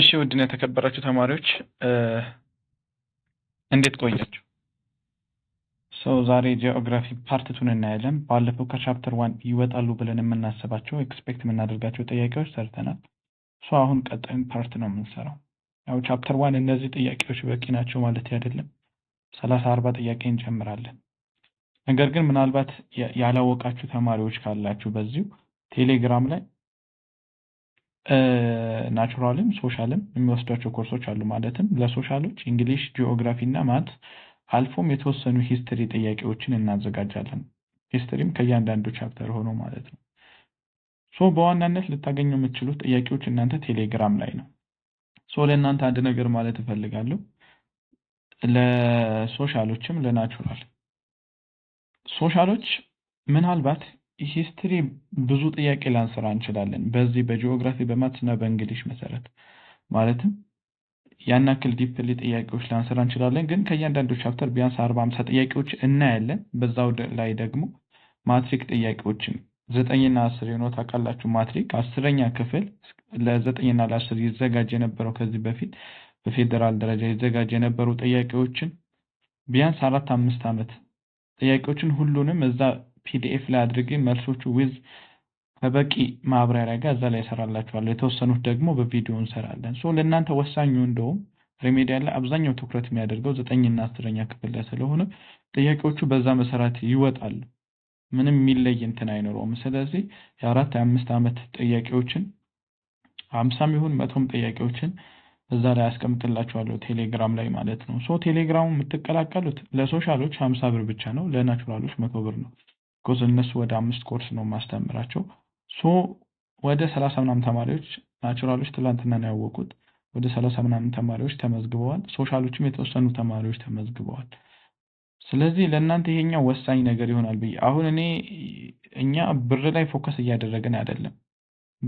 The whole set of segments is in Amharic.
እሺ ውድን የተከበራችሁ ተማሪዎች እንዴት ቆያችሁ? ሰው ዛሬ ጂኦግራፊ ፓርት ቱን እናያለን። ባለፈው ከቻፕተር ዋን ይወጣሉ ብለን የምናስባቸው ኤክስፔክት የምናደርጋቸው ጥያቄዎች ሰርተናል። ሶ አሁን ቀጣዩን ፓርት ነው የምንሰራው። ያው ቻፕተር ዋን እነዚህ ጥያቄዎች በቂ ናቸው ማለት አይደለም። ሰላሳ አርባ ጥያቄ እንጨምራለን። ነገር ግን ምናልባት ያላወቃችሁ ተማሪዎች ካላችሁ በዚሁ ቴሌግራም ላይ ናቹራልም ሶሻልም የሚወስዷቸው ኮርሶች አሉ። ማለትም ለሶሻሎች እንግሊሽ፣ ጂኦግራፊ እና ማት አልፎም የተወሰኑ ሂስትሪ ጥያቄዎችን እናዘጋጃለን። ሂስትሪም ከእያንዳንዱ ቻፕተር ሆኖ ማለት ነው። ሶ በዋናነት ልታገኙ የምትችሉት ጥያቄዎች እናንተ ቴሌግራም ላይ ነው። ሶ ለእናንተ አንድ ነገር ማለት እፈልጋለሁ፣ ለሶሻሎችም ለናቹራል ሶሻሎች ምናልባት ሂስትሪ ብዙ ጥያቄ ላንሰራ እንችላለን። በዚህ በጂኦግራፊ በማትስና በእንግሊሽ መሰረት ማለትም ያን ያክል ዲፕሊ ጥያቄዎች ላንሰራ እንችላለን። ግን ከእያንዳንዱ ቻፕተር ቢያንስ አርባ አምሳ ጥያቄዎች እናያለን። በዛው ላይ ደግሞ ማትሪክ ጥያቄዎችን ዘጠኝና አስር የሆነ ታውቃላችሁ። ማትሪክ አስረኛ ክፍል ለዘጠኝና ለአስር ይዘጋጅ የነበረው ከዚህ በፊት በፌዴራል ደረጃ ይዘጋጅ የነበሩ ጥያቄዎችን ቢያንስ አራት አምስት ዓመት ጥያቄዎችን ሁሉንም እዛ ፒዲኤፍ ላይ አድርጌ መልሶቹ ዊዝ ከበቂ ማብራሪያ ጋር እዛ ላይ እሰራላችኋለሁ። የተወሰኑት ደግሞ በቪዲዮ እንሰራለን። ሶ ለእናንተ ወሳኙ እንደውም ሪሜዲያል ላይ አብዛኛው ትኩረት የሚያደርገው ዘጠኝና አስረኛ ክፍል ላይ ስለሆነ ጥያቄዎቹ በዛ መሰራት ይወጣሉ። ምንም የሚለይ እንትን አይኖረውም። ስለዚህ የአራት የአምስት ዓመት ጥያቄዎችን አምሳም ይሁን መቶም ጥያቄዎችን እዛ ላይ አስቀምጥላችኋለሁ ቴሌግራም ላይ ማለት ነው። ሶ ቴሌግራሙ የምትቀላቀሉት ለሶሻሎች ሀምሳ ብር ብቻ ነው። ለናቹራሎች መቶ ብር ነው። ኮዝ እነሱ ወደ አምስት ኮርስ ነው የማስተምራቸው። ሶ ወደ ሰላሳ ምናምን ተማሪዎች ናቹራሎች ትላንትና ነው ያወቁት። ወደ ሰላሳ ምናምን ተማሪዎች ተመዝግበዋል። ሶሻሎችም የተወሰኑ ተማሪዎች ተመዝግበዋል። ስለዚህ ለእናንተ ይሄኛው ወሳኝ ነገር ይሆናል ብዬ አሁን እኔ እኛ ብር ላይ ፎከስ እያደረግን አይደለም።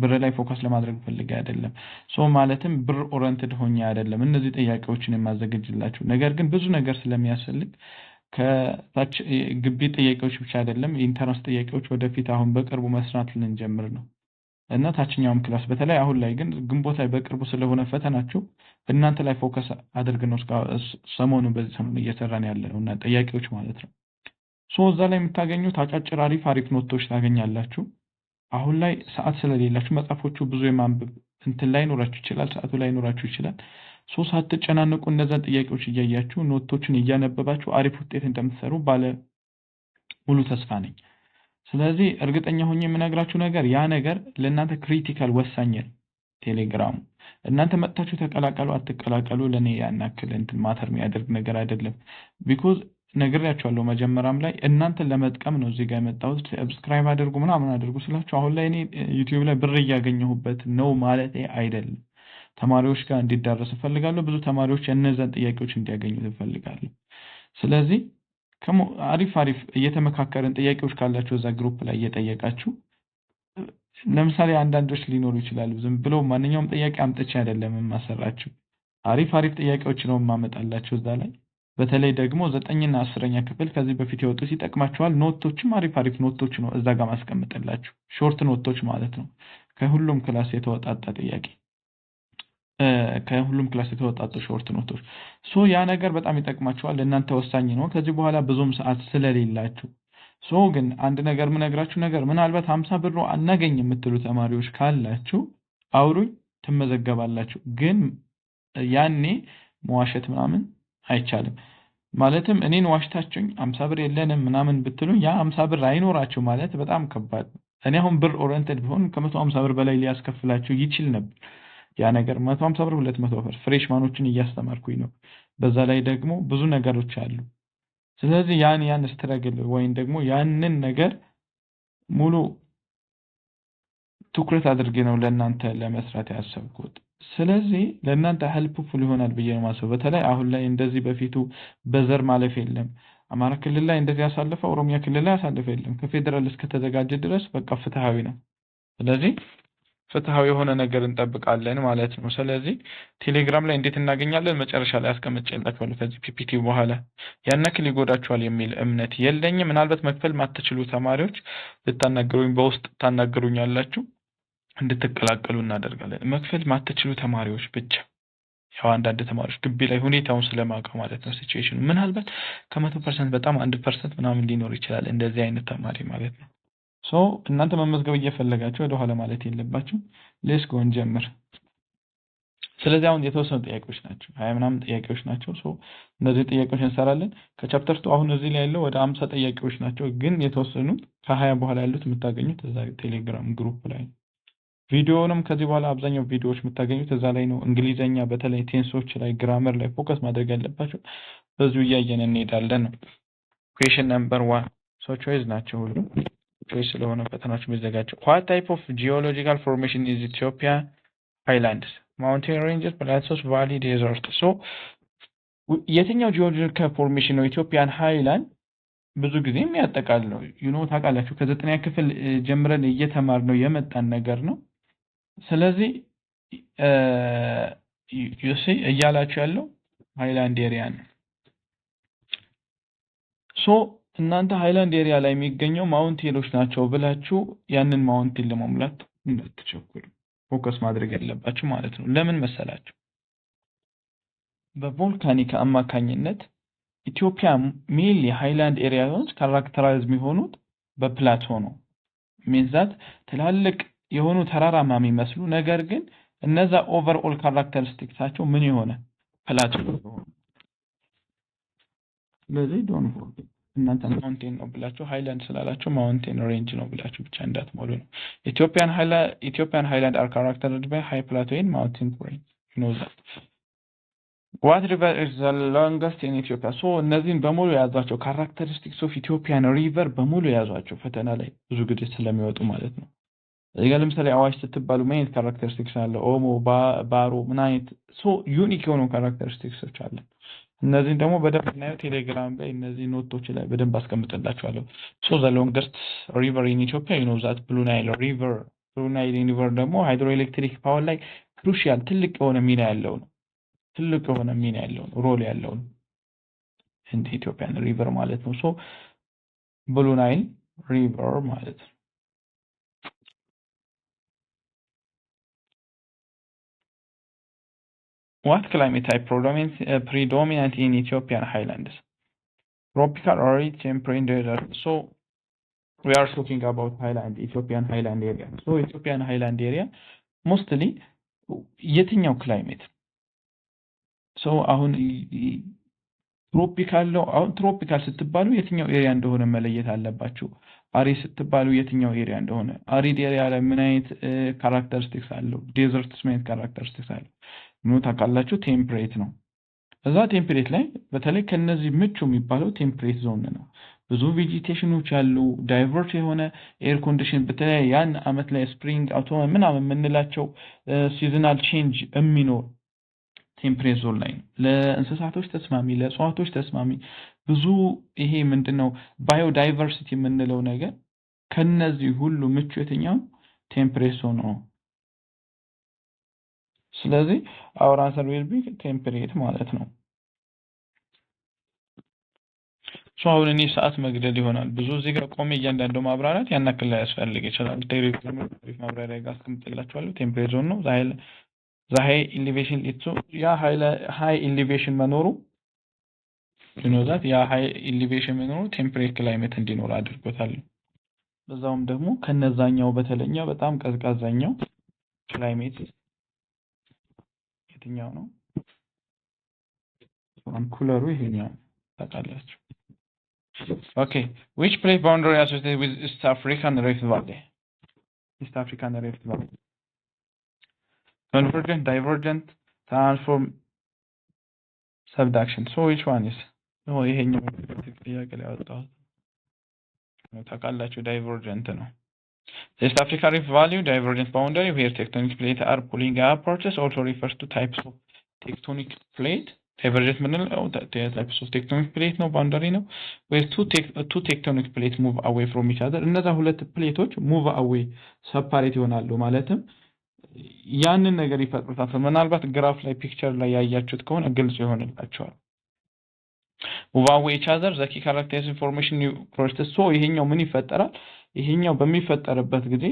ብር ላይ ፎከስ ለማድረግ ፈልጌ አይደለም። ሶ ማለትም ብር ኦረንትድ ሆኜ አይደለም እነዚህ ጥያቄዎችን የማዘግጅላቸው ነገር ግን ብዙ ነገር ስለሚያስፈልግ ከታች ግቢ ጥያቄዎች ብቻ አይደለም ኢንተረንስ ጥያቄዎች ወደፊት አሁን በቅርቡ መስራት ልንጀምር ነው እና ታችኛውም ክላስ በተለይ አሁን ላይ ግን ግንቦት ላይ በቅርቡ ስለሆነ ፈተናችሁ እናንተ ላይ ፎከስ ነው ሰሞኑን በዚህ ሰሞኑን እየሰራን ያለ ነው እና ጥያቄዎች ማለት ነው። ሶ እዛ ላይ የምታገኙት አጫጭር አሪፍ አሪፍ ኖቶች ታገኛላችሁ። አሁን ላይ ሰዓት ስለሌላችሁ መጽሐፎቹ ብዙ የማንብብ እንትን ላይ ኖራችሁ ይችላል፣ ሰዓቱ ላይ ኖራችሁ ይችላል። ሶስት አትጨናነቁ እነዛን ጥያቄዎች እያያችሁ ኖቶችን እያነበባችሁ አሪፍ ውጤት እንደምትሰሩ ባለ ሙሉ ተስፋ ነኝ። ስለዚህ እርግጠኛ ሆኜ የምነግራችሁ ነገር ያ ነገር ለእናንተ ክሪቲካል ወሳኝ ቴሌግራሙ እናንተ መጥታችሁ ተቀላቀሉ አትቀላቀሉ ለእኔ ያን ያክል እንትን ማተር የሚያደርግ ነገር አይደለም። ቢኮዝ ነግሬያችኋለሁ መጀመሪያም ላይ እናንተ ለመጥቀም ነው እዚህ ጋር የመጣሁት። ሰብስክራይብ አድርጉ ምናምን አድርጉ ስላችሁ አሁን ላይ እኔ ዩቲዩብ ላይ ብር እያገኘሁበት ነው ማለት አይደለም። ተማሪዎች ጋር እንዲዳረስ እፈልጋለሁ። ብዙ ተማሪዎች የእነዚያን ጥያቄዎች እንዲያገኙ እፈልጋለሁ። ስለዚህ አሪፍ አሪፍ እየተመካከርን ጥያቄዎች ካላችሁ እዛ ግሩፕ ላይ እየጠየቃችሁ ለምሳሌ አንዳንዶች ሊኖሩ ይችላሉ። ዝም ብሎ ማንኛውም ጥያቄ አምጥቼ አይደለም የማሰራችሁ። አሪፍ አሪፍ ጥያቄዎች ነው የማመጣላችሁ እዛ ላይ። በተለይ ደግሞ ዘጠኝና አስረኛ ክፍል ከዚህ በፊት የወጡት ይጠቅማችኋል። ኖቶችም አሪፍ አሪፍ ኖቶች ነው እዛ ጋር ማስቀምጥላችሁ፣ ሾርት ኖቶች ማለት ነው። ከሁሉም ክላስ የተወጣጣ ጥያቄ ከሁሉም ክላስ የተወጣጡ ሾርት ኖቶች ሶ ያ ነገር በጣም ይጠቅማቸዋል። ለእናንተ ወሳኝ ነው። ከዚህ በኋላ ብዙም ሰዓት ስለሌላችሁ ሶ ግን አንድ ነገር ምነግራችሁ ነገር ምናልባት ሀምሳ ብር አናገኝ የምትሉ ተማሪዎች ካላችሁ አውሩኝ፣ ትመዘገባላችሁ። ግን ያኔ መዋሸት ምናምን አይቻልም። ማለትም እኔን ዋሽታችሁኝ አምሳ ብር የለንም ምናምን ብትሉኝ ያ አምሳ ብር አይኖራችሁ ማለት በጣም ከባድ እኔ አሁን ብር ኦሪንትድ ቢሆን ከመቶ አምሳ ብር በላይ ሊያስከፍላችሁ ይችል ነበር። ያ ነገር መቶ ሀምሳ ብር ሁለት መቶ ብር ፍሬሽማኖችን እያስተማርኩኝ ነው። በዛ ላይ ደግሞ ብዙ ነገሮች አሉ። ስለዚህ ያን ያን ስትረግል ወይም ደግሞ ያንን ነገር ሙሉ ትኩረት አድርጌ ነው ለእናንተ ለመስራት ያሰብኩት። ስለዚህ ለእናንተ ሄልፕፉል ይሆናል ብዬ ነው ማሰብ። በተለይ አሁን ላይ እንደዚህ በፊቱ በዘር ማለፍ የለም። አማራ ክልል ላይ እንደዚህ ያሳለፈ ኦሮሚያ ክልል ላይ ያሳለፈ የለም። ከፌዴራል እስከተዘጋጀ ድረስ በቃ ፍትሃዊ ነው። ስለዚህ ፍትሃዊ የሆነ ነገር እንጠብቃለን ማለት ነው። ስለዚህ ቴሌግራም ላይ እንዴት እናገኛለን? መጨረሻ ላይ አስቀምጬላችኋለሁ። ከዚህ ፒፒቲ በኋላ ያን ያክል ይጎዳችኋል የሚል እምነት የለኝም። ምናልባት መክፈል ማትችሉ ተማሪዎች ልታናገሩኝ በውስጥ ታናገሩኛላችሁ፣ እንድትቀላቀሉ እናደርጋለን። መክፈል ማትችሉ ተማሪዎች ብቻ ያው አንዳንድ ተማሪዎች ግቢ ላይ ሁኔታውን ስለማውቀው ማለት ነው ሲቹዌሽኑ ምናልባት ከመቶ ፐርሰንት በጣም አንድ ፐርሰንት ምናምን ሊኖር ይችላል እንደዚህ አይነት ተማሪ ማለት ነው። ሶ እናንተ መመዝገብ እየፈለጋችሁ ኋላ ማለት የለባችሁ። ሌስ ጎን ጀምር። ስለዚህ አሁን የተወሰኑ ጥያቄዎች ናቸው፣ ሀያ ምናምን ጥያቄዎች ናቸው። ሶ እነዚህ ጥያቄዎች እንሰራለን ከቻፕተር ቱ አሁን እዚህ ላይ ያለው ወደ አምሳ ጥያቄዎች ናቸው፣ ግን የተወሰኑት ከሀያ በኋላ ያሉት የምታገኙት እዛ ቴሌግራም ግሩፕ ላይ ነው። ቪዲዮንም ከዚህ በኋላ አብዛኛው ቪዲዮዎች የምታገኙት እዛ ላይ ነው። እንግሊዘኛ በተለይ ቴንሶች ላይ ግራመር ላይ ፎከስ ማድረግ ያለባቸው በዚሁ እያየን እንሄዳለን ነው። ኩዌሽን ነምበር ዋን ሶ ቾይዝ ናቸው ሁሉም ስለሆነ ፈተናዎች የሚዘጋጀው ዋት ታይፕ ኦፍ ጂኦሎጂካል ፎርሜሽን ኢዝ ኢትዮጵያ ሃይላንድስ ማውንቴን ሬንጀስ ፕላቶስ ቫሊ ዴዘርት ሶ የትኛው ጂኦሎጂካል ፎርሜሽን ነው ኢትዮጵያን ሃይላንድ ብዙ ጊዜ የሚያጠቃል ነው ዩኖ ታውቃላችሁ ከዘጠነኛ ክፍል ጀምረን እየተማር ነው የመጣን ነገር ነው ስለዚህ ዩሲ እያላችሁ ያለው ሃይላንድ ኤሪያ ነው ሶ እናንተ ሃይላንድ ኤሪያ ላይ የሚገኘው ማውንት ሄሎች ናቸው ብላችሁ ያንን ማውንቴን ለመሙላት እንዳትቸኩሉ ፎከስ ማድረግ ያለባችሁ ማለት ነው። ለምን መሰላችሁ? በቮልካኒክ አማካኝነት ኢትዮጵያ ሜል የሃይላንድ ኤሪያዎች ካራክተራይዝ የሚሆኑት በፕላቶ ነው። ሜንዛት ትላልቅ የሆኑ ተራራማ የሚመስሉ ነገር ግን እነዛ ኦቨርኦል ካራክተሪስቲክሳቸው ምን የሆነ ፕላቶ ስለዚህ ዶንት እናንተ ማውንቴን ነው ብላችሁ ሃይላንድ ስላላችሁ ማውንቴን ሬንጅ ነው ብላችሁ ብቻ እንዳትሞሉ ነው። ኢትዮጵያን ሃይላንድ አር ካራክተርድ ባይ ሃይ ፕላቶይን ማውንቴን ሬንጅ ይኖዛል። ዋት ሪቨር ኢዝ ዘ ሎንገስት ኢን ኢትዮጵያ። ሶ እነዚህን በሙሉ የያዟቸው ካራክተሪስቲክስ ኦፍ ኢትዮጵያን ሪቨር በሙሉ የያዟቸው ፈተና ላይ ብዙ ጊዜ ስለሚወጡ ማለት ነው። እዚጋ ለምሳሌ አዋሽ ስትባሉ ምን አይነት ካራክተሪስቲክስ አለ? ኦሞ፣ ባሮ ምን አይነት ሶ ዩኒክ የሆኑ ካራክተሪስቲክሶች አለ እነዚህን ደግሞ በደንብ እናየው ቴሌግራም ላይ እነዚህ ኖቶች ላይ በደንብ አስቀምጥላቸዋለሁ። ሶ ዘ ሎንገስት ሪቨር ኢን ኢትዮጵያ ዩ ዛት ብሉ ናይል ሪቨር ብሉ ናይል ሪቨር ደግሞ ሃይድሮ ኤሌክትሪክ ፓወር ላይ ክሩሺያል ትልቅ የሆነ ሚና ያለው ነው። ትልቅ የሆነ ሚና ያለው ነው። ሮል ያለው ነው። እንደ ኢትዮጵያን ሪቨር ማለት ነው። ሶ ብሉ ናይል ሪቨር ማለት ነው። What climate type uh, predominant in Ethiopian highlands? Tropical or temperate desert. So we are talking about highland, Ethiopian highland area. So Ethiopian highland area mostly የትኛው ክላይሜት ሰው አሁን ትሮፒካል ነው። አሁን ትሮፒካል ስትባሉ የትኛው ኤሪያ እንደሆነ መለየት አለባችሁ። አሪ ስትባሉ የትኛው ኤሪያ እንደሆነ፣ አሪድ ኤሪያ ላይ ምን አይነት ካራክተሪስቲክስ አለው፣ ዴዘርትስ ምን አይነት ካራክተሪስቲክስ አለው፣ ምን ታውቃላችሁ? ቴምፕሬት ነው። እዛ ቴምፕሬት ላይ በተለይ ከነዚህ ምቹ የሚባለው ቴምፕሬት ዞን ነው። ብዙ ቬጂቴሽኖች ያሉ ዳይቨርስ የሆነ ኤር ኮንዲሽን በተለይ ያን አመት ላይ ስፕሪንግ አውቶመ ምናምን የምንላቸው ሲዝናል ቼንጅ የሚኖር ቴምፕሬት ዞን ላይ ነው። ለእንስሳቶች ተስማሚ፣ ለእጽዋቶች ተስማሚ ብዙ ይሄ ምንድነው ባዮዳይቨርሲቲ የምንለው ነገር ከነዚህ ሁሉ ምቹ የትኛው ቴምፕሬት ዞን ነው። ስለዚህ አወር አንሰር ዊል ቢ ቴምፕሬት ማለት ነው። ሶ አሁን እኔ ሰዓት መግደል ይሆናል ብዙ እዚህ ጋር ቆሜ እያንዳንዱ ማብራራት ያን ያክል ላይ ያስፈልግ ይችላል። ቴሪፍ ማብራሪያ ጋር አስቀምጥላችኋለሁ። ቴምፕሬት ዞን ነው ዛሀይ ኢንሊቬሽን ሊቱ ያ ሀይ ኢንሊቬሽን መኖሩ ዩኖዛት ያ ሀይ ኢንሊቬሽን መኖሩ ቴምፕሬት ክላይሜት እንዲኖር አድርጎታል። በዛውም ደግሞ ከነዛኛው በተለኛ በጣም ቀዝቃዛኛው ክላይሜት የትኛው ነው? which plate boundary is associated with East African Rift Valley? East African Rift Valley. Convergent, divergent, transform, subduction. So which one is? ይሄኛው ጥያቄ ላይ አወጣሁት። ታውቃላችሁ divergent ነው። The East Africa Rift Valley Divergence Boundary, where tectonic plates are pulling upwards, also refers to types of tectonic plate ዳይቨርጀንት የምንለው ታይፕስ ኦፍ ቴክቶኒክ ፕሌት ነው፣ ባውንደሪ ነው። ዌር ቱ ቴክቶኒክ ፕሌት ሙቭ አዌይ ፍሮም ኢች አዘር፣ እነዛ ሁለት ፕሌቶች ሙቭ አዌይ ሰፓሬት ይሆናሉ። ማለትም ያንን ነገር ይፈጥሩታል። ምናልባት ግራፍ ላይ ፒክቸር ላይ ያያችሁት ከሆነ ግልጽ ይሆንላቸዋል። ሙቭ አዌይ ኢች አዘር ዘኪ ካራክተርስ ኢንፎርሜሽን ፕሮሰስ። ሶ ይሄኛው ምን ይፈጠራል? ይሄኛው በሚፈጠርበት ጊዜ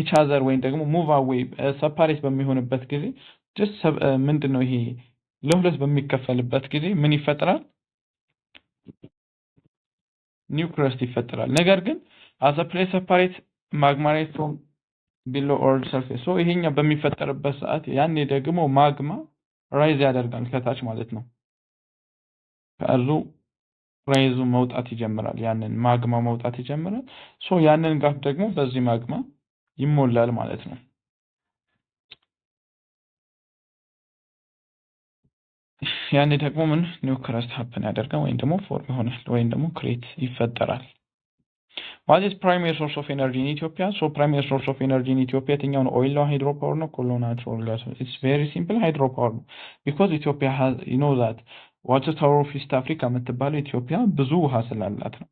ኢቻዘር ወይም ደግሞ ሙቭ አዌይ ሰፓሬት በሚሆንበት ጊዜ ጀስት ምንድን ነው ይሄ ለሁለት በሚከፈልበት ጊዜ ምን ይፈጥራል? ኒውክለስ ይፈጠራል። ነገር ግን አዘ ፕሌስ ሰፓሬት ማግማሬት ፍሮም ቢሎ ኦር ሰርፌስ ሶ ይሄኛው በሚፈጠርበት ሰዓት ያኔ ደግሞ ማግማ ራይዝ ያደርጋል ከታች ማለት ነው ከእርዙ ራይዙ መውጣት ይጀምራል። ያንን ማግማ መውጣት ይጀምራል። ሶ ያንን ጋፕ ደግሞ በዚህ ማግማ ይሞላል ማለት ነው። ያኔ ደግሞ ምን ኒው ክረስት ሀፕን ያደርጋል ወይም ደግሞ ፎርም ይሆናል ወይም ደግሞ ክሬት ይፈጠራል። ዋት ፕራይሜሪ ሶርስ ኦፍ ኤነርጂ ኢን ኢትዮጵያ? ሶ ፕራይሜሪ ሶርስ ኦፍ ኤነርጂ ኢን ኢትዮጵያ የትኛው ነው? ኦይል ነው? ሃይድሮ ፓወር ነው? ኮሎ ናቹራል ጋስ ኢትስ ቬሪ ሲምፕል ሃይድሮ ፓወር ነው። ቢኮዝ ኢትዮጵያ ሃዝ ዩ ኖ ዛት ዋተር ታወር ኦፍ ኢስት አፍሪካ የምትባለው ኢትዮጵያ ብዙ ውሃ ስላላት ነው።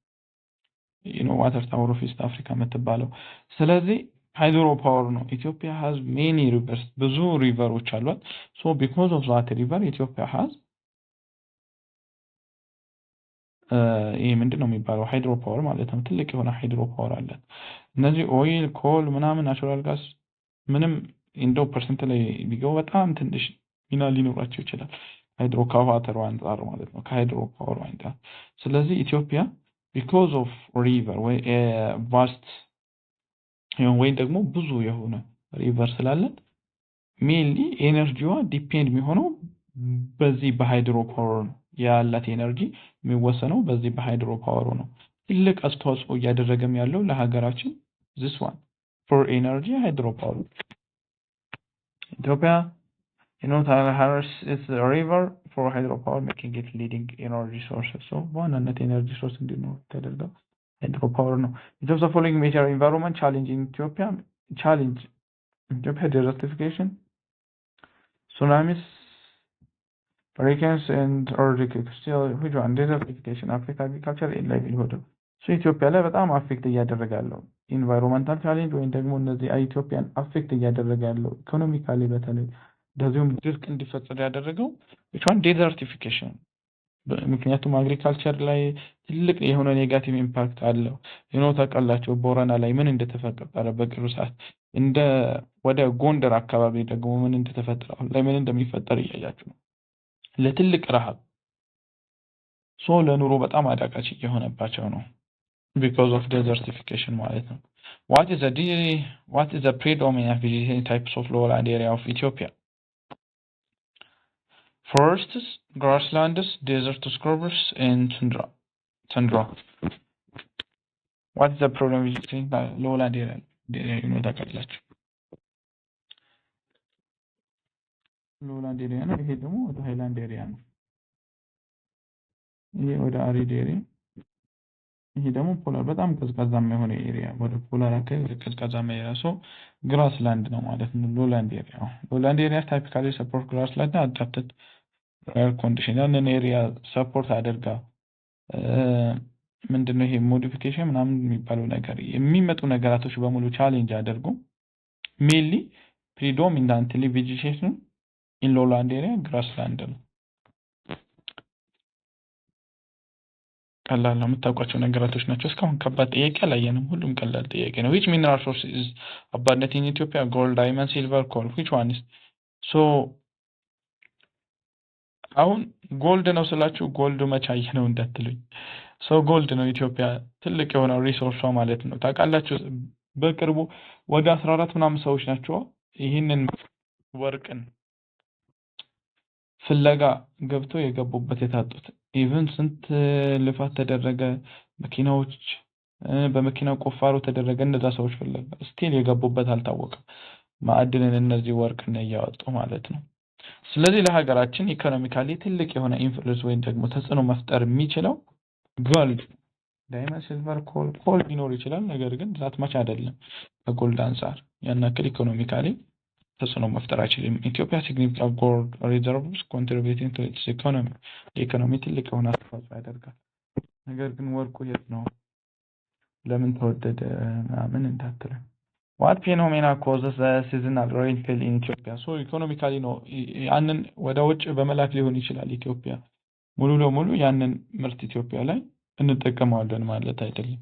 ዋተር ታወር ኦፍ ኢስት አፍሪካ የምትባለው ስለዚህ ሃይድሮ ፓወር ነው። ኢትዮጵያ ሃዝ ሜኒ ሪቨርስ ብዙ ሪቨሮች አሏት። ሶ ቢኮዝ ኦፍ ዛት ሪቨር ኢትዮጵያ ሃዝ uh, ይህ ምንድን ነው የሚባለው ሃይድሮ ፓወር ማለት ነው። ትልቅ የሆነ ሃይድሮ ፓወር አላት። እነዚህ ኦይል፣ ኮል ምናምን ናቹራል ጋስ ምንም እንደው ፐርሰንት ላይ ቢገቡ በጣም ትንሽ ሚና ሊኖራቸው ይችላል። ሃይድሮ ከዋተሩ አንጻር ማለት ነው፣ ከሃይድሮ ፓወሩ አንጻር። ስለዚህ ኢትዮጵያ ቢኮዝ ኦፍ ሪቨር ወይ ቫስት ወይም ደግሞ ብዙ የሆነ ሪቨር ስላለን ሜንሊ ኤነርጂዋ ዲፔንድ የሚሆነው በዚህ በሃይድሮ ፓወሩ ነው። ያላት ኤነርጂ የሚወሰነው በዚህ በሃይድሮ ፓወሩ ነው። ትልቅ አስተዋጽኦ እያደረገም ያለው ለሀገራችን ዚስ ዋን ፎር ኤነርጂ ሃይድሮ ፓወር ኢትዮጵያ You know, Tana Harris is the river for hydropower, making it leading energy sources. So one and energy source in the north, the hydropower ነው in terms of following major environment challenge in Ethiopia challenge Ethiopia desertification tsunamis hurricanes and earthquakes still which one desertification affect agriculture in livelihood so Ethiopia, ኢትዮጵያ ላይ በጣም አፌክት እያደረገ ያለው ኢንቫይሮንመንታል ቻሌንጅ ወይም ደግሞ እነዚህ ኢትዮጵያን አፌክት እያደረገ ያለው ኢኮኖሚካሊ በተለይ እንደዚሁም ድርቅ እንዲፈጠር ያደረገው ቻን ዴዘርቲፊኬሽን ምክንያቱም አግሪካልቸር ላይ ትልቅ የሆነ ኔጋቲቭ ኢምፓክት አለው። ይኖ ታውቃላቸው ቦረና ላይ ምን እንደተፈጠረ በቅርብ ሰዓት እንደ ወደ ጎንደር አካባቢ ደግሞ ምን እንደተፈጠረ አሁን ላይ ምን እንደሚፈጠር እያያችሁ ነው። ለትልቅ ረሃብ ሶ ለኑሮ በጣም አዳጋች እየሆነባቸው ነው። ቢኮዝ ኦፍ ዴዘርቲፊኬሽን ማለት ነው። ዋት ኢዝ ዘ ፕሪዶሚናንት ታይፕስ ኦፍ ሎላንድ ኤሪያ ኦፍ ኢትዮጵያ Forests, grasslands, desert scrubs, and tundra. tundra. What's the problem with saying that lowland area? ነው ታውቃላችሁ። ሎላንድ ኤሪያ ነው። ይሄ ደግሞ ወደ ሃይላንድ ኤሪያ ነው። ይሄ ወደ አሪድ ኤሪያ፣ ይሄ ደግሞ ፖላር በጣም ቀዝቃዛማ የሆነ ኤሪያ ወደ ፖላር አካባቢ ወደ ቀዝቃዛማ ኤሪያ ሰው ግራስ ላንድ ነው ማለት ነው። ሎላንድ ኤሪያ ሎላንድ ኤሪያ ታይፒካሊ ሰፖርት ግራስ ላንድ አዳፕትድ ፕራየር ኮንዲሽን ያንን ኤሪያ ሰፖርት አድርጋ ምንድነው ይሄ ሞዲፊኬሽን ምናምን የሚባለው ነገር የሚመጡ ነገራቶች በሙሉ ቻሌንጅ አድርጉ። ሜንሊ ፕሪዶሚናንትሊ ቬጂቴሽኑ ኢንሎላንድ ኤሪያ ግራስላንድ ነው። ቀላል ነው። የምታውቋቸው ነገራቶች ናቸው። እስካሁን ከባድ ጥያቄ አላየንም። ሁሉም ቀላል ጥያቄ ነው። ዊች ሚነራል ሶርስ ኢዝ አባንደንት ኢን ኢትዮጵያ? ጎልድ፣ ዳይመንድ፣ ሲልቨር፣ ኮል ዊች ዋን ሶ አሁን ጎልድ ነው ስላችሁ ጎልዱ መቻይ ነው እንዳትሉኝ። ሰው ጎልድ ነው ኢትዮጵያ ትልቅ የሆነው ሪሶርሷ ማለት ነው። ታውቃላችሁ በቅርቡ ወደ አስራ አራት ምናምን ሰዎች ናቸው ይህንን ወርቅን ፍለጋ ገብተው የገቡበት የታጡት። ኢቨን ስንት ልፋት ተደረገ፣ መኪናዎች በመኪና ቁፋሮ ተደረገ። እነዛ ሰዎች ፍለጋ ስቲል የገቡበት አልታወቀም። ማዕድንን እነዚህ ወርቅን እያወጡ ማለት ነው። ስለዚህ ለሀገራችን ኢኮኖሚካሊ ትልቅ የሆነ ኢንፍሉንስ ወይም ደግሞ ተጽዕኖ መፍጠር የሚችለው ጎልድ፣ ዳይመንድ፣ ሲልቨር፣ ኮል ኮል ሊኖር ይችላል። ነገር ግን ዛት ማች አይደለም። ከጎልድ አንጻር ያን ያክል ኢኮኖሚካሊ ተጽዕኖ መፍጠር አይችልም። ኢትዮጵያ ሲግኒፊካንት ጎልድ ሪዘርቭስ ኮንትሪቢዩቲንግ ቱ ኢትስ ኢኮኖሚ ለኢኮኖሚ ትልቅ የሆነ አስተዋጽኦ ያደርጋል። ነገር ግን ወርቁ የት ነው ለምን ተወደደ ምናምን እንዳትለን ዋት ፌኖሜና ኮዘስ ሲዝናል ሬን ፌል ኢን ኢትዮጵያ ሶ ኢኮኖሚካሊ ነው። ያንን ወደ ውጭ በመላክ ሊሆን ይችላል። ኢትዮጵያ ሙሉ ለሙሉ ያንን ምርት ኢትዮጵያ ላይ እንጠቀመዋለን ማለት አይደለም።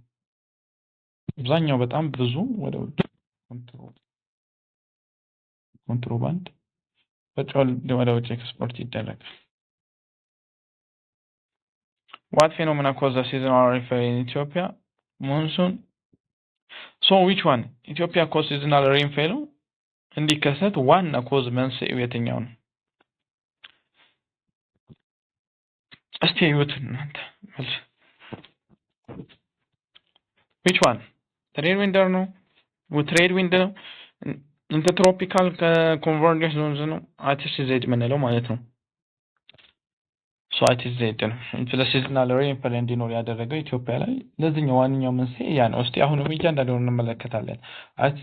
አብዛኛው በጣም ብዙ ወደ ውጭ ኮንትሮባንድ ወደ ውጭ ኤክስፖርት ይደረጋል። ዋት ፌኖሜና ኮዘስ ሲዝናል ሬን ፌል ኢን ኢትዮጵያ ሞንሱን ሶ ዊች ዋን ኢትዮጵያ ኮስ ሲዝናል ሬንፌሉ እንዲከሰት ዋና ኮዝ መንስኤው የትኛው ነው? እስቲ እዩት እናንተ መልስ። ዊች ዋን ትሬድ ዊንደር ነው ትሬድ ዊንድ ነው ኢንተርትሮፒካል ከኮንቨርጀንስ ዞንስ ነው አርቲስት ዜድ የምንለው ማለት ነው። ሰዋዕቲ ዘይጤ ነው። ስለ ስድና ለሬን ላይ እንዲኖር ያደረገው ኢትዮጵያ ላይ ለዚህኛው ዋነኛው መንስኤ ያ ነው። እስቲ አሁንም እያንዳንዱ እንመለከታለን። አት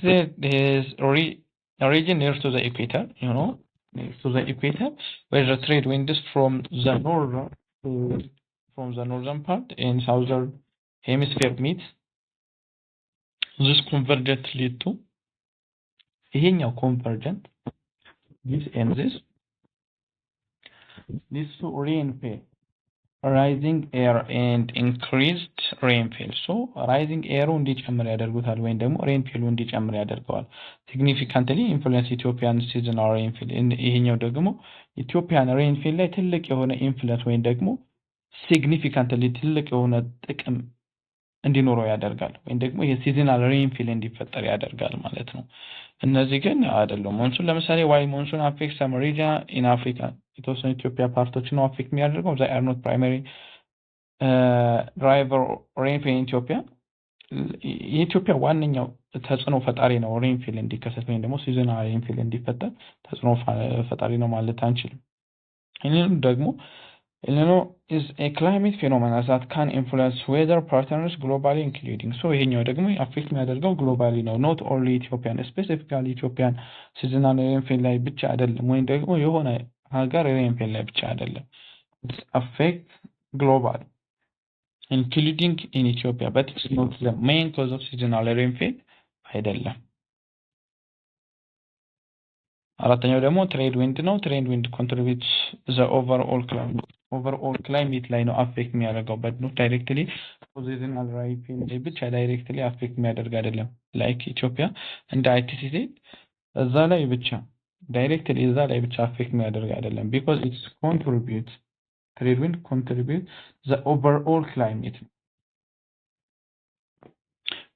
ሪጅን ኒር ቱ ዘ ኢኩዌተር ዩ ኖ to the equator where the trade winds from the northern to, from the northern part and southern hemisphere meet this convergent lead to ይሄኛው convergent this and this leads to rainfall ራይዚንግ ኤር ኤንድ ኢንክሪዝድ ሬንፌል ሶ ራይዚንግ ኤሩ እንዲጨምር ያደርጉታል ወይም ደግሞ ሬንፌሉ እንዲጨምር ያደርገዋል። ሲግኒፊካንትሊ ኢንፍሉዌንስ ኢትዮጵያን ሲዝናል ሬንፌል። ይሄኛው ደግሞ ኢትዮጵያን ሬንፌል ላይ ትልቅ የሆነ ኢንፍሉዌንስ ወይም ደግሞ ሲግኒፊካንትሊ ትልቅ የሆነ ጥቅም እንዲኖረው ያደርጋል ወይም ደግሞ የሲዝናል ሬንፊል እንዲፈጠር ያደርጋል ማለት ነው። እነዚህ ግን አይደለም። ሞንሱን ለምሳሌ ዋይ ሞንሱን አፌክት ሰመሪጃ ኢን አፍሪካ የተወሰኑ ኢትዮጵያ ፓርቶች ነው አፌክት የሚያደርገው ዛ አር ፕራይማሪ ድራይቨር ሬንፊል ኢትዮጵያ የኢትዮጵያ ዋነኛው ተጽዕኖ ፈጣሪ ነው። ሬንፊል እንዲከሰት ወይም ደግሞ ሲዝናል ሬንፊል እንዲፈጠር ተጽዕኖ ፈጣሪ ነው ማለት አንችልም። ይህንም ደግሞ El Nino is a climate phenomenon that can influence weather patterns globally including ይሄኛው ደግሞ አፌክት የሚያደርገው ግሎባሊ ነው ኖት ኦንሊ ኢትዮጵያን ስፔሲፊካሊ ኢትዮጵያን ሲዝናል ሬንፌል ላይ ብቻ አይደለም፣ ወይም ደግሞ የሆነ ሀገር ሬንፌል ላይ ብቻ አይደለም። አፌክት ግሎባል ኢንክሉዲንግ ኢን ኢትዮጵያ በት ኖት ዘ ሜን ኮዝ ኦፍ ሲዝናል ሬንፌል አይደለም። አራተኛው ደግሞ ትሬድ ዊንድ ነው። ትሬድ ዊንድ ኮንትሪቢዩት ዘ ኦቨርኦል ክላይሜት ኦቨርኦል ክላይሜት ላይ ነው አፌክት የሚያደርገው በት ነው ዳይሬክትሊ ፖዚሽናል ራይፒን ላይ ብቻ ዳይሬክትሊ አፌክት የሚያደርግ አይደለም። ላይክ ኢትዮጵያ እንደ አይቲሲቴት እዛ ላይ ብቻ ዳይሬክትሊ እዛ ላይ ብቻ አፌክት የሚያደርግ አይደለም። ቢኮዝ ኢትስ ኮንትሪቢዩት ትሬድ ዊንድ ኮንትሪቢዩት ዘ ኦቨርኦል ክላይሜት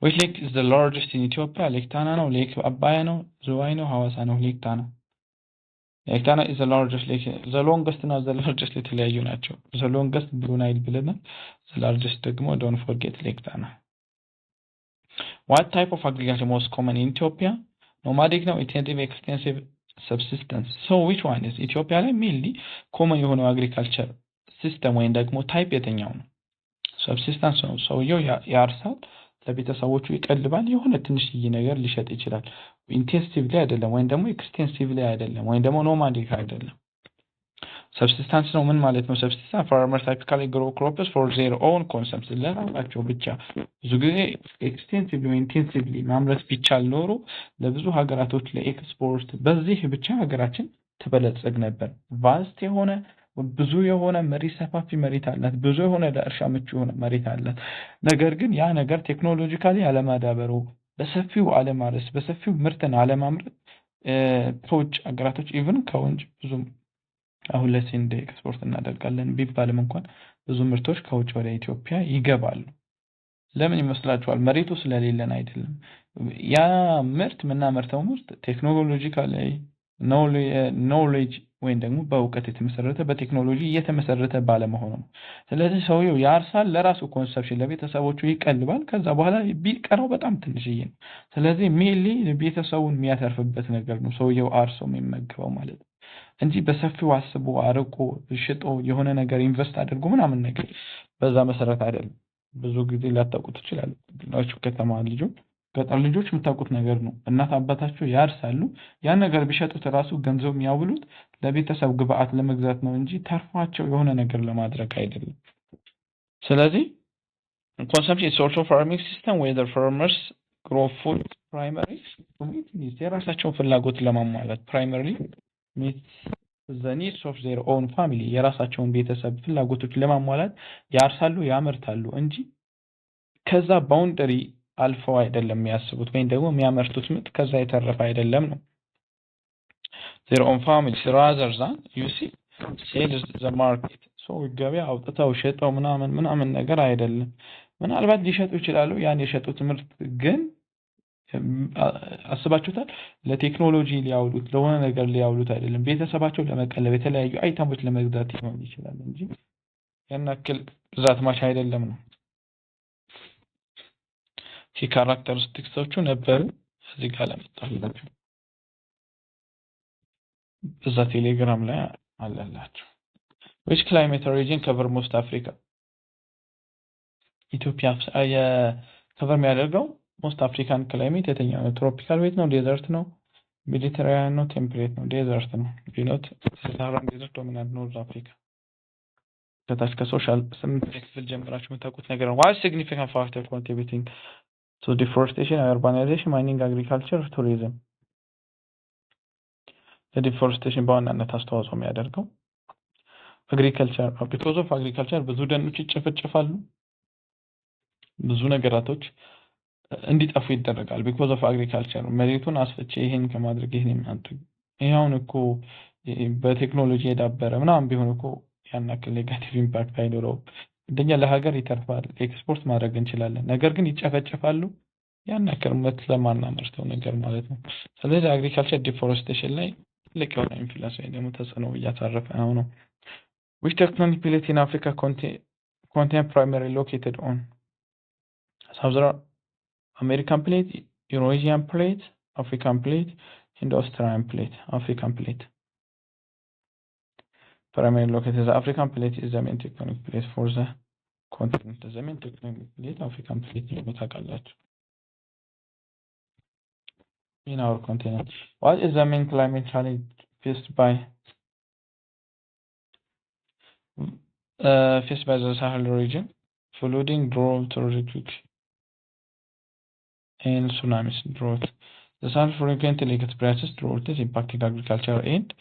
ዊች ሌክ ኢዝ ዘ ላርጀስት ኢን ኢትዮጵያ። ሌክ ታና ነው። ሌክ አባያ ነው። ዝዋይ ነው። ሐዋሳ ነው። ሌክ ታና የካና ኢዘ ላርጀስት ሌክ ዘ ሎንገስት እና ዘ ላርጀስት የተለያዩ ናቸው። ዘ ሎንገስት ብሉ ናይል ብለናል። ዘ ላርጀስት ደግሞ ዶን ፎርጌት ሌክ ታና። ዋት ታይፕ ኦፍ አግሪካልቸር ሞስት ኮመን ኢን ኢትዮጵያ? ኖማዲክ ነው። ኢንቴንሲቭ ኤክስቴንሲቭ ሰብሲስተንስ። ሶ ዊች ዋን ኢዝ ኢትዮጵያ ላይ ሜንሊ ኮመን የሆነው አግሪካልቸር ሲስተም ወይም ደግሞ ታይፕ የትኛው ነው? ሰብሲስተንስ ነው። ሰውየው ያርሳል ለቤተሰቦቹ ይቀልባል። የሆነ ትንሽዬ ነገር ሊሸጥ ይችላል። ኢንቴንሲቭ ላይ አይደለም፣ ወይም ደግሞ ኤክስቴንሲቭ ላይ አይደለም፣ ወይም ደግሞ ኖማዲክ አይደለም። ሰብስታንስ ነው። ምን ማለት ነው? ሰብስታንስ ፋርመርስ ታክቲካሊ ግሮ ክሮፕስ ፎር ዜር ኦን ኮንሰምስ ለራሳቸው ብቻ። ብዙ ጊዜ ኤክስቴንሲቭሊ ወይ ኢንቴንሲቭሊ ማምረት ቢቻል ኖሮ ለብዙ ሀገራቶች ለኤክስፖርት፣ በዚህ ብቻ ሀገራችን ትበለጸግ ነበር። ቫስት የሆነ ብዙ የሆነ መሬት ሰፋፊ መሬት አላት። ብዙ የሆነ ለእርሻ ምቹ የሆነ መሬት አላት። ነገር ግን ያ ነገር ቴክኖሎጂካሊ አለማዳበሩ፣ በሰፊው አለማረስ፣ በሰፊው ምርትን አለማምረት ከውጭ ሀገራቶች ኢቭን ከውጭ ብዙም አሁን ላይ ኤክስፖርት እናደርጋለን ቢባልም እንኳን ብዙ ምርቶች ከውጭ ወደ ኢትዮጵያ ይገባሉ። ለምን ይመስላችኋል? መሬቱ ስለሌለን አይደለም። ያ ምርት የምናመርተው ምርት ቴክኖሎጂካሊ ኖሌጅ ወይም ደግሞ በእውቀት የተመሰረተ በቴክኖሎጂ እየተመሰረተ ባለመሆኑ ነው። ስለዚህ ሰውየው ያርሳል፣ ለራሱ ኮንሰፕሽን ለቤተሰቦቹ ይቀልባል። ከዛ በኋላ ቢቀረው በጣም ትንሽዬ ነው። ስለዚህ ሜሊ ቤተሰቡን የሚያተርፍበት ነገር ነው ሰውየው አርሶ የሚመግበው ማለት ነው እንጂ በሰፊው አስቦ አርቆ ሽጦ የሆነ ነገር ኢንቨስት አድርጎ ምናምን ነገር በዛ መሰረት አይደለም። ብዙ ጊዜ ላታውቁ ትችላላችሁ። ከተማ ልጆች ገጠር ልጆች የምታውቁት ነገር ነው። እናት አባታቸው ያርሳሉ። ያን ነገር ቢሸጡት ራሱ ገንዘብ የሚያውሉት ለቤተሰብ ግብአት ለመግዛት ነው እንጂ ተርፏቸው የሆነ ነገር ለማድረግ አይደለም። ስለዚህ ኮንሰምፕሽን ኢዝ ኦልሶ ፋርሚንግ ሲስተም ዌዘር ፋርመርስ ግሮ ፉድ ፕራይመሪ የራሳቸውን ፍላጎት ለማሟላት ፕራይመሪ ሚት ዘ ኒድስ ኦፍ ዜር ኦውን ፋሚሊ የራሳቸውን ቤተሰብ ፍላጎቶች ለማሟላት ያርሳሉ፣ ያመርታሉ እንጂ ከዛ ባውንደሪ አልፈው አይደለም የሚያስቡት ወይም ደግሞ የሚያመርቱት ምርት ከዛ የተረፈ አይደለም ነው። their own families rather than you see sales the market ሰዎች ገበያ አውጥተው ሸጠው ምናምን ምናምን ነገር አይደለም። ምናልባት ሊሸጡ ይችላሉ። ያን የሸጡት ምርት ግን አስባችሁታል? ለቴክኖሎጂ ሊያውሉት ለሆነ ነገር ሊያውሉት አይደለም። ቤተሰባቸው ለመቀለብ የተለያዩ አይተሞች ለመግዛት ሊሆን ይችላል እንጂ ያን ያክል ብዛት ማሽ አይደለም ነው። ካራክተሪስቲክሶቹ ነበሩ እዚህ ጋር ለመጣላችሁ እዛ ቴሌግራም ላይ አለላችሁ። ዊች ክላይሜት ሪጅን ከቨር ሞስት አፍሪካ ኢትዮጵያ የከቨር የሚያደርገው ሞስት አፍሪካን ክላይሜት የትኛው ነው? ትሮፒካል ቤት ነው? ዴዘርት ነው? ሜዲትራኒያን ነው? ቴምፕሬት ነው? ዴዘርት ነው። ቢኖት ሰሃራን ዴዘርት ዶሚናንት ኖርዝ አፍሪካ ከታች ከሶሻል ስምንት ክፍል ጀምራችሁ የምታውቁት ነገር ነው። ዋይ ሲግኒፊካንት ፋክተር ኮንትሪቢቲንግ ቱ ዲፎሬስቴሽን፣ አርባናይዜሽን፣ ማይኒንግ፣ አግሪካልቸር፣ ቱሪዝም ለዲፎረስቴሽን በዋናነት አስተዋጽኦ የሚያደርገው አግሪካልቸር ቢኮዝ ኦፍ አግሪካልቸር ብዙ ደኖች ይጨፈጨፋሉ። ብዙ ነገራቶች እንዲጠፉ ይደረጋል። ቢኮዝ ኦፍ አግሪካልቸር መሬቱን አስፈቼ ይሄን ከማድረግ ይሄን የሚያድርግ ይሄውን እኮ በቴክኖሎጂ የዳበረ ምናምን ቢሆን እኮ ያናክል ኔጋቲቭ ኢምፓክት አይኖረው እንደኛ ለሀገር ይተርፋል፣ ኤክስፖርት ማድረግ እንችላለን። ነገር ግን ይጨፈጨፋሉ። ያናክል ያክል ምርት ለማናመርተው ነገር ማለት ነው። ስለዚህ አግሪካልቸር ዲፎረስቴሽን ላይ لك ولا influence which tectonic plate in Africa contain, contain primarily located on Southern American plate, Eurasian plate, African plate, and Australian plate, African plate. Primarily located the African plate is the main tectonic plate for the continent. The main tectonic plate, African plate, in our continent. What is the main climate challenge faced by uh, faced by the Sahel region? Flooding, drought, earthquake, and tsunamis. Drought. The Sahel frequently experiences drought impacting agriculture and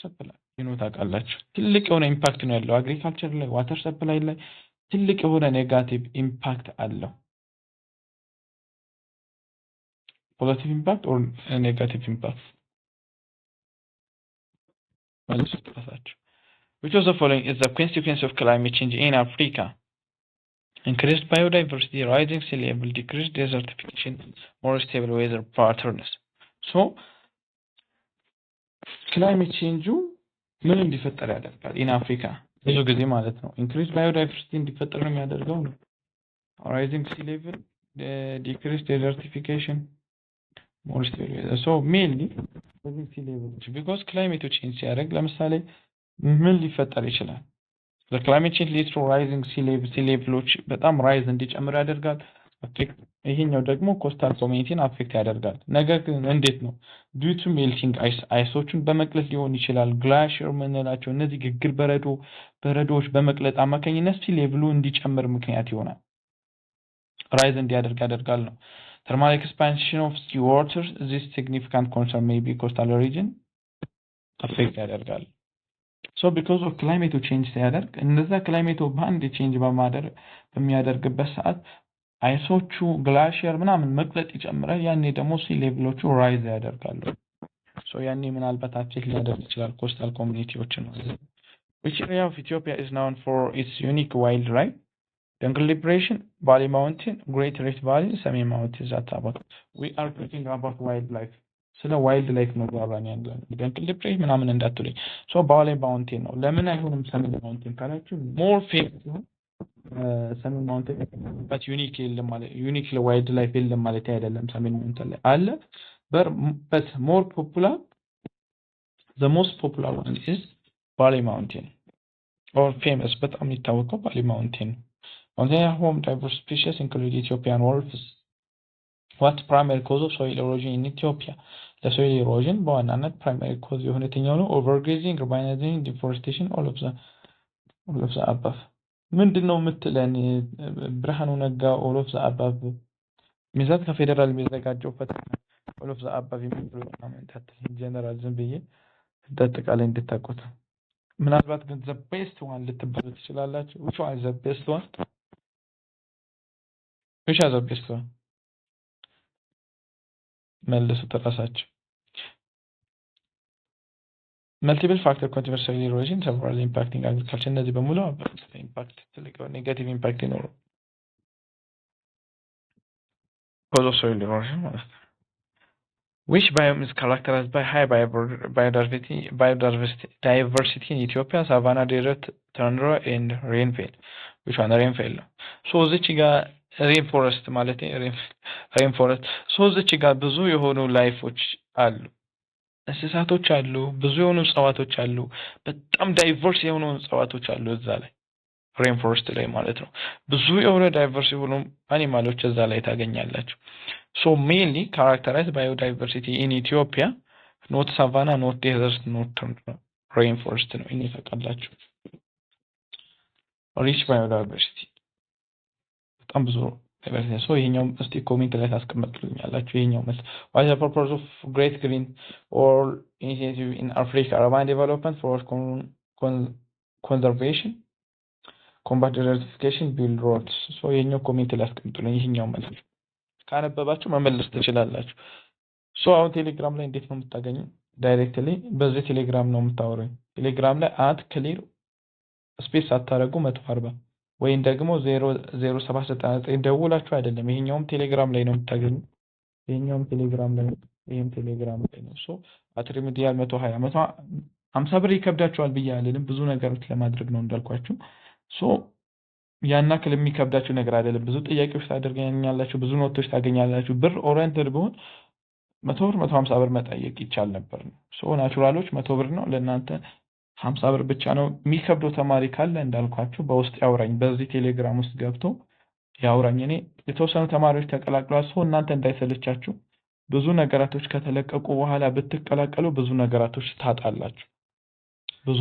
supply. ይኖ that. ትልቅ የሆነ ኢምፓክት impact ያለው አግሪካልቸር agriculture, water supply, ላይ the የሆነ negative impact አለው positive impact or negative impact? Which of the following is the consequence of climate change in Africa? Increased biodiversity, rising sea level, decreased desertification, more stable weather patterns. So climate change in Africa. ያደርጋል? ኢን አፍሪካ ብዙ ጊዜ ማለት ነው። ኢንክሪዝ ባዮዳይቨርሲቲ እንዲፈጠር ነው የሚያደርገው ነው። ሞስት ቬሪየብል ሶ ሜንሊ በዚህ ሌቭሎች ቢኮዝ ክላይሜቱ ቼንጅ ሲያደርግ ለምሳሌ ምን ሊፈጠር ይችላል? ለክላይሜት ቼንጅ ሌትሮ ራይዚንግ ሲ ሌቭሎች በጣም ራይዝ እንዲጨምር ያደርጋል። ይሄኛው ደግሞ ኮስታል ኮሚኒቲን አፌክት ያደርጋል። ነገር ግን እንዴት ነው? ዲቱ ሜልቲንግ አይሶቹን በመቅለጥ ሊሆን ይችላል። ግላሽር የምንላቸው እነዚህ ግግር በረዶ በረዶዎች በመቅለጥ አማካኝነት ሲ ሌቭሉ እንዲጨምር ምክንያት ይሆናል። ራይዝ እንዲያደርግ ያደርጋል ነው Thermal expansion of seawater this significant concern may be ኮስታል ሪጅን አፌክት ያደርጋል። ሶ ቢኮዝ ኦፍ ክላይሜቱ ቼንጅ ሲያደርግ እነዛ ክላይሜቱ በአንድ ቼንጅ በማደር በሚያደርግበት ሰዓት አይሶቹ ግላሽየር ምናምን መቅለጥ ይጨምራል። ያኔ ደግሞ ሲ ሌቭሎቹ ራይዝ ያደርጋሉ። ሶ ያኔ ምናልባት አፌክት ሊያደርግ ይችላል ኮስታል ኮሚኒቲዎችን። ዊች ኤሪያ ኦፍ ኢትዮጵያ ኢዝ ናውን ፎር ኢትስ ዩኒክ ዋይልድ ላይፍ Jungle Liberation, Bali Mountain, Great Rift Valley፣ ሰሜን ማውንቴን ዛት አባት ዊ አር ቶኪንግ አባት ዋይልድ ላይፍ ስለ ዋይልድ ላይፍ ነው ጓራን ያለን። ጃንግል ሊብሬሽን ምናምን እንዳትሉኝ። ሶ ባሌ ማውንቴን ነው ለምን አይሆንም? ሰሜን ማውንቴን ካላችሁ ሞር ፌክ ሲሆን ሰሜን ማውንቴን በት ዩኒክ የለም ማለት ዩኒክ ለዋይልድ ላይፍ የለም ማለት አይደለም። ሰሜን ማውንቴን ላይ አለ በር በት ሞር ፖፑላር ዘ ሞስት ፖፑላር ዋን ኢዝ ባሌ ማውንቴን ኦር ፌመስ በጣም የሚታወቀው ባሌ ማውንቴን ነው። On their home, diverse species include Ethiopian wolves። ዋት ፕራይማሪ ኮዝ ኦፍ ሶይል ኤሮዥን ኢን ኢትዮጵያ ለሶይል ኤሮዥን በዋናነት ፕራይማሪ ኮዝ የሆነ የትኛው ነው? ኦቨርግሬዚንግ፣ ርባናይዜሽን፣ ዲፎሬስቴሽን ኦሎፍ ዘ ምንድን ነው የምትለን? ብርሃኑ ነጋ ኦሎፍ ዘ አባብ ሚዛት ከፌዴራል የሚዘጋጀው ፈተና ኦሎፍ ዘ የሚሉት ጀነራል ዝም ብዬ እንዳጠቃላይ እንድታውቁት ምናልባት ግን ዘ ቤስት ዋን ልትባሉ ትችላላችሁ። ዊች ዋን ዘ ቤስት ዋን ብቻ መልሱት እራሳቸው። መልቲፕል ፋክተር ኮንትሮቨርሳል ኢሮዥን ቴምፖራሊ ኢምፓክቲንግ አግሪካልቸር እነዚህ በሙሉ ኢምፓክት ትልቅ ኔጋቲቭ ኢምፓክት ይኖሩ ኮዞ ሶይል ኢሮዥን ማለት ነው። ዊች ባዮም ኢዝ ካራክተራይዝድ ባይ ሃይ ባዮዳይቨርሲቲ ኢን ኢትዮጵያ ሳቫና፣ ዴዘርት፣ ተንድራ ኤንድ ሬንፌል። ዊች ዋን ሬንፌል ነው። ሶ እዚች ጋር ሬን ፎረስት ማለት ሬን ፎረስት ሶዝች ጋር ብዙ የሆኑ ላይፎች አሉ፣ እንስሳቶች አሉ፣ ብዙ የሆኑ እጽዋቶች አሉ። በጣም ዳይቨርስ የሆኑ እጽዋቶች አሉ እዛ ላይ ሬን ፎረስት ላይ ማለት ነው። ብዙ የሆነ ዳይቨርስ የሆኑ አኒማሎች እዛ ላይ ታገኛላችሁ። ሶ ሜንሊ ካራክተራይዝ ባዮዳይቨርሲቲ ኢን ኢትዮጵያ ኖት ሳቫና፣ ኖት ዴዘርት፣ ኖት ሬን ፎረስት ነው። ይሄን ታውቃላችሁ። ሪች ባዮዳይቨርሲቲ በጣም ብዙ ነገር ሰው ይሄኛው እስቲ ኮሜንት ላይ ታስቀመጥሉኝ ያላችሁ ይሄኛው መልስ ዋይ ዘ ፐርፖዝ ኦፍ ግሬት ግሪን ኦል ኢኒሽቲቭ ኢን አፍሪካ አርባን ዴቨሎፕመንት ፎር ኮንዘርቬሽን ኮምባት ዲዘርቲፊኬሽን ቢልድ ሮድስ ሶ ይሄኛው ኮሜንት ላይ አስቀምጡልኝ። ይሄኛው መልስ ካነበባችሁ መመለስ ትችላላችሁ። ሶ አሁን ቴሌግራም ላይ እንዴት ነው የምታገኙ? ዳይሬክትሊ በዚህ ቴሌግራም ነው የምታወሩኝ። ቴሌግራም ላይ አት ክሊር ስፔስ ሳታደርጉ መቶ አርባ ወይም ደግሞ 0799 ደውላችሁ አይደለም። ይሄኛውም ቴሌግራም ላይ ነው የምታገኙ። ይሄኛውም ቴሌግራም ላይ ነው። ይሄም ቴሌግራም ላይ ነው። ሶ አትሪሚዲያል 120 መቶ 50 ብር ይከብዳችኋል ብዬ አልልም። ብዙ ነገሮች ለማድረግ ነው እንዳልኳችሁ። ሶ ያና ያክል የሚከብዳችሁ ነገር አይደለም። ብዙ ጥያቄዎች ታደርጋኛላችሁ፣ ብዙ ኖቶች ታገኛላችሁ። ብር ኦሪየንትድ ቢሆን መቶ ብር መቶ ሀምሳ ብር መጠየቅ ይቻል ነበር ሶ ናቹራሎች መቶ ብር ነው ለእናንተ ሀምሳ ብር ብቻ ነው። የሚከብደው ተማሪ ካለ እንዳልኳችሁ በውስጥ ያውራኝ፣ በዚህ ቴሌግራም ውስጥ ገብቶ ያውራኝ። እኔ የተወሰኑ ተማሪዎች ተቀላቅለዋል። ሰው እናንተ እንዳይሰለቻችሁ ብዙ ነገራቶች ከተለቀቁ በኋላ ብትቀላቀሉ ብዙ ነገራቶች ታጣላችሁ። ብዙ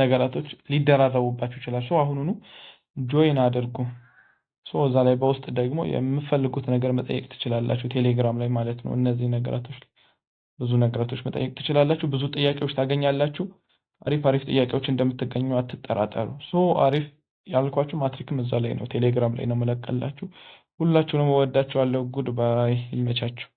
ነገራቶች ሊደራረቡባችሁ ይችላል። ሰው አሁኑኑ ጆይን አድርጉ። ሰው እዛ ላይ በውስጥ ደግሞ የምፈልጉት ነገር መጠየቅ ትችላላችሁ፣ ቴሌግራም ላይ ማለት ነው። እነዚህ ነገራቶች ብዙ ነገራቶች መጠየቅ ትችላላችሁ። ብዙ ጥያቄዎች ታገኛላችሁ። አሪፍ አሪፍ ጥያቄዎች እንደምትገኙ አትጠራጠሩ። ሶ አሪፍ ያልኳችሁ ማትሪክም እዛ ላይ ነው፣ ቴሌግራም ላይ ነው መለቀላችሁ። ሁላችሁንም እወዳችኋለሁ። ጉድ ባይ። ይመቻችሁ።